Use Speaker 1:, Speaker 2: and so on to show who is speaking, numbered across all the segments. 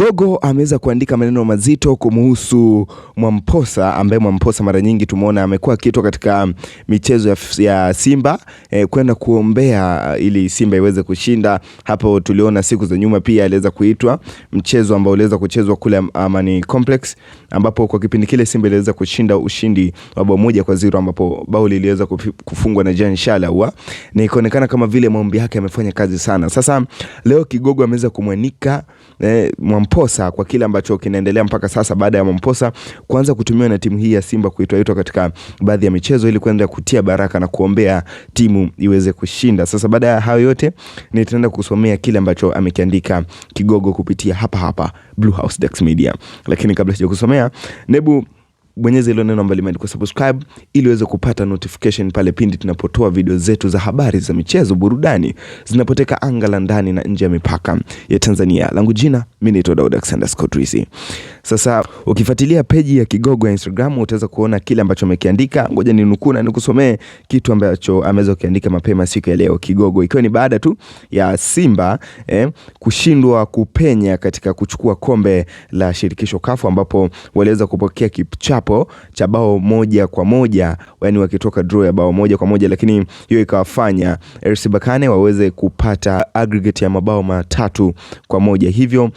Speaker 1: Gogo ameweza kuandika maneno mazito kumuhusu Mwamposa ambaye Mwamposa mara nyingi tumeona amekuwa akitwa katika michezo ya ya Simba e, kwenda kuombea eh, ili Simba iweze kushinda. Hapo tuliona siku za nyuma pia aliweza kuitwa mchezo ambao uliweza kuchezwa kule Amani Complex, ambapo kwa kipindi kile Simba iliweza kushinda ushindi wa bao moja kwa zero, ambapo bao liliweza kufungwa na Jean Shalawa na ikaonekana kama vile maombi yake yamefanya kazi sana. Sasa leo Kigogo ameweza kumwanika e, eh, Mwamposa Mamposa kwa kile ambacho kinaendelea mpaka sasa baada ya Mamposa kuanza kutumiwa na timu hii ya Simba kuitwaitwa katika baadhi ya michezo ili kuenda kutia baraka na kuombea timu iweze kushinda. Sasa baada ya hayo yote, nitaenda kusomea kile ambacho amekiandika Kigogo kupitia hapa hapa Blue House Dax Media, lakini kabla kusomea, nebu bonyeza hilo neno ambalo limeandikwa subscribe ili uweze kupata notification pale pindi tunapotoa video zetu za habari za michezo, burudani zinapoteka anga la ndani na nje ya mipaka ya Tanzania. Langu jina mimi naitwa Daud Alexander Scott Risi. Sasa ukifuatilia peji ya Kigogo ya Instagram utaweza kuona kile ambacho amekiandika. Ngoja ninukuu na nikusomee kitu ambacho ameweza kuandika mapema siku ya leo Kigogo, ikiwa ni baada tu ya Simba eh, kushindwa kupenya katika kuchukua kombe la shirikisho kafu ambapo waliweza kupokea kichapo kichapo cha bao moja kwa moja, yani wakitoka draw ya bao moja kwa moja, lakini hiyo ikawafanya RC Berkane waweze kupata aggregate ya mabao matatu kwa moja hivyo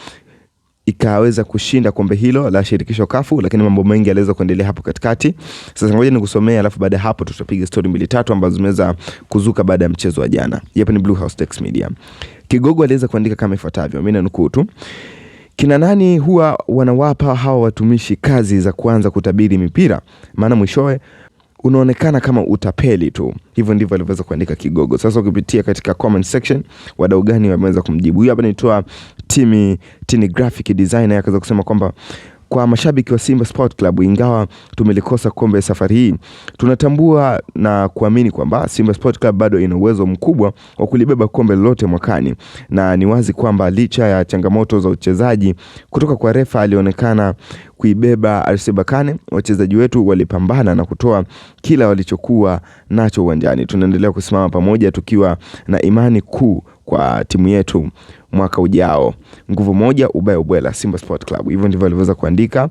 Speaker 1: ikaweza kushinda kombe hilo la shirikisho kafu, lakini mambo mengi yaliweza kuendelea hapo katikati. Sasa ngoja nikusomee, alafu baada ya hapo tutapiga stori mbili tatu ambazo zimeweza kuzuka baada ya mchezo wa jana. Hapa ni Blue House Text Media. Kigogo aliweza kuandika kama ifuatavyo, mimi nanukuu tu kina nani huwa wanawapa hawa watumishi kazi za kuanza kutabiri mipira, maana mwishowe unaonekana kama utapeli tu. Hivyo ndivyo alivyoweza kuandika Kigogo. Sasa ukipitia katika comment section, wadau gani wameweza kumjibu? Huyu hapa naitwa Timi Tini graphic designer akaweza kusema kwamba kwa mashabiki wa Simba Sport Club, ingawa tumelikosa kombe safari hii, tunatambua na kuamini kwamba Simba Sport Club bado ina uwezo mkubwa wa kulibeba kombe lolote mwakani, na ni wazi kwamba licha ya changamoto za uchezaji kutoka kwa refa alionekana kuibeba RC Berkane, wachezaji wetu walipambana na kutoa kila walichokuwa nacho uwanjani. Tunaendelea kusimama pamoja tukiwa na imani kuu kwa timu yetu mwaka ujao. Nguvu moja ubaya ubwela, Simba Sport Club. Hivyo ndivyo alivyoweza kuandika.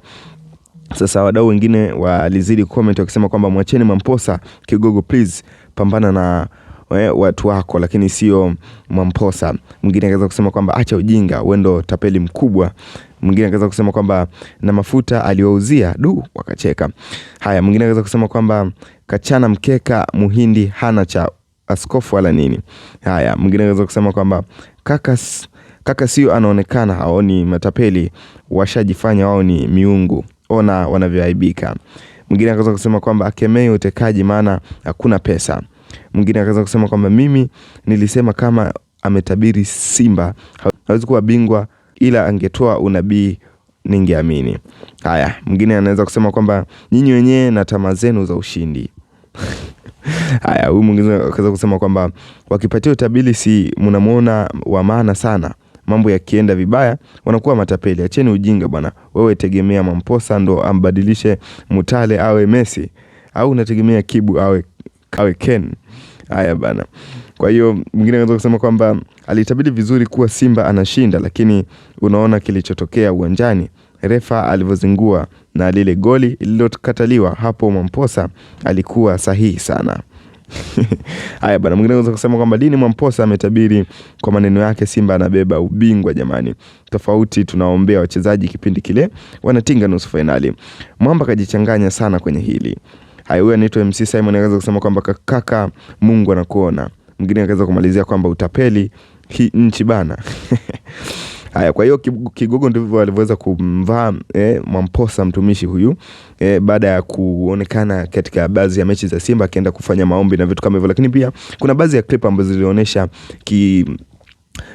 Speaker 1: Sasa wadau wengine walizidi comment wakisema kwamba mwacheni Mamposa kigogo, please pambana na we, eh, watu wako, lakini sio Mamposa. Mwingine akaweza kusema kwamba acha ujinga, wewe ndo tapeli mkubwa. Mwingine akaweza kusema kwamba na mafuta aliwauzia du, wakacheka. Haya, mwingine akaweza kusema kwamba kachana mkeka, muhindi hana cha askofu wala nini. Haya, mwingine akaweza kusema kwamba kakas Kaka sio anaonekana haoni matapeli, washajifanya wao ni miungu, ona wanavyoaibika. Mwingine akaweza kusema kwamba akemee utekaji, maana hakuna pesa. Mwingine akaweza kusema kwamba mimi nilisema kama ametabiri simba hawezi kuwa bingwa, ila angetoa unabii ningeamini. Haya, mwingine anaweza kusema kwamba nyinyi wenyewe na tamaa zenu za ushindi. Haya, huyu mwingine akaweza kusema kwamba wakipatia utabiri si mnamwona wa maana sana mambo yakienda vibaya wanakuwa matapeli. Acheni ujinga bwana. Wewe tegemea Mamposa ndo ambadilishe Mutale awe Messi au unategemea Kibu awe awe Ken? Haya bana. Kwa hiyo mwingine anaweza kusema kwamba alitabiri vizuri kuwa Simba anashinda, lakini unaona kilichotokea uwanjani, refa alivyozingua na lile goli lililokataliwa hapo. Mamposa alikuwa sahihi sana. Haya bwana, mwingine anaweza kusema kwamba Dini Mwamposa ametabiri kwa maneno yake Simba anabeba ubingwa jamani. Tofauti tunaombea wachezaji kipindi kile wanatinga nusu fainali. Mwamba kajichanganya sana kwenye hili. Haya, huyo anaitwa MC Simon anaweza kusema kwamba kaka, Mungu anakuona. Mwingine akaweza kumalizia kwamba utapeli hii nchi bana. Haya, kwa hiyo Kigogo ndivyo alivyoweza kumvaa eh, Mwamposa mtumishi huyu eh, baada ya kuonekana katika baadhi ya mechi za Simba akienda kufanya maombi na vitu kama hivyo, lakini pia kuna baadhi ya clip ambazo zilionyesha ki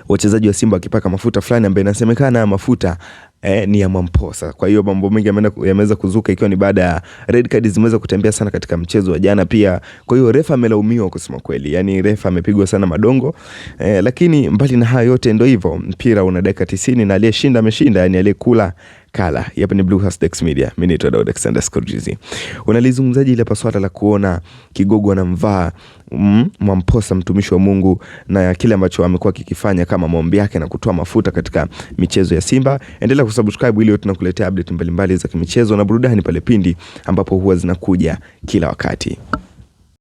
Speaker 1: wachezaji wa Simba wakipaka mafuta fulani ambaye inasemekana mafuta eh, ni ya Mwamposa. Kwa hiyo mambo mengi yameweza kuzuka ikiwa ni baada ya red card zimeweza kutembea sana katika mchezo wa jana pia. Kwa hiyo refa amelaumiwa kusema kweli, yani refa amepigwa sana madongo eh, lakini mbali na hayo yote ndio hivyo, mpira una dakika 90 na aliyeshinda ameshinda, yani aliyekula makala yapa ni Blue House Dex Media. Mimi naitwa Daud Alexander Skorjizi. Unalizungumzaje ile paswala la kuona kigogo anamvaa mm, Mwamposa mtumishi wa Mungu na kile ambacho amekuwa kikifanya kama maombi yake na kutoa mafuta katika michezo ya Simba? Endelea kusubscribe ili tunakuletea update mbalimbali za kimichezo na burudani pale pindi ambapo huwa zinakuja kila wakati.